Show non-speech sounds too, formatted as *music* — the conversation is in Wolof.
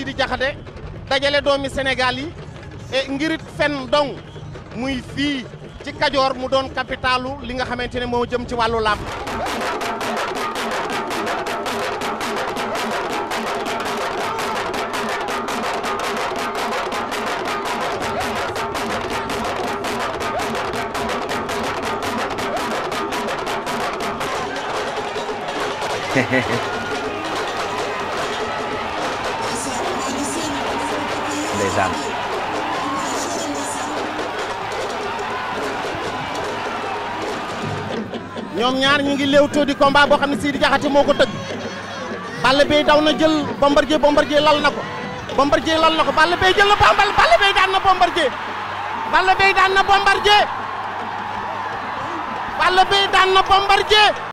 Sidi Diakhaté dajale doomi senegaal yi e ngirit fen dong muy fii ci Kajoor mu doon capitalu li nga xamante ne moo jëm ci wàllu làmb *laughs* ndeysaan ñoom ñaar ñu ngi léewtoo di combat boo xam ne Sidi Diakhaté moo ko tëgg Balla Beye daw na jël Bombardier Bombardier lal na ko Bombardier lal na ko Balla Beye jël na Balla Balla daan na Bombardier Balla Beye daan na Bombardier Balla Beye daan na Bombardier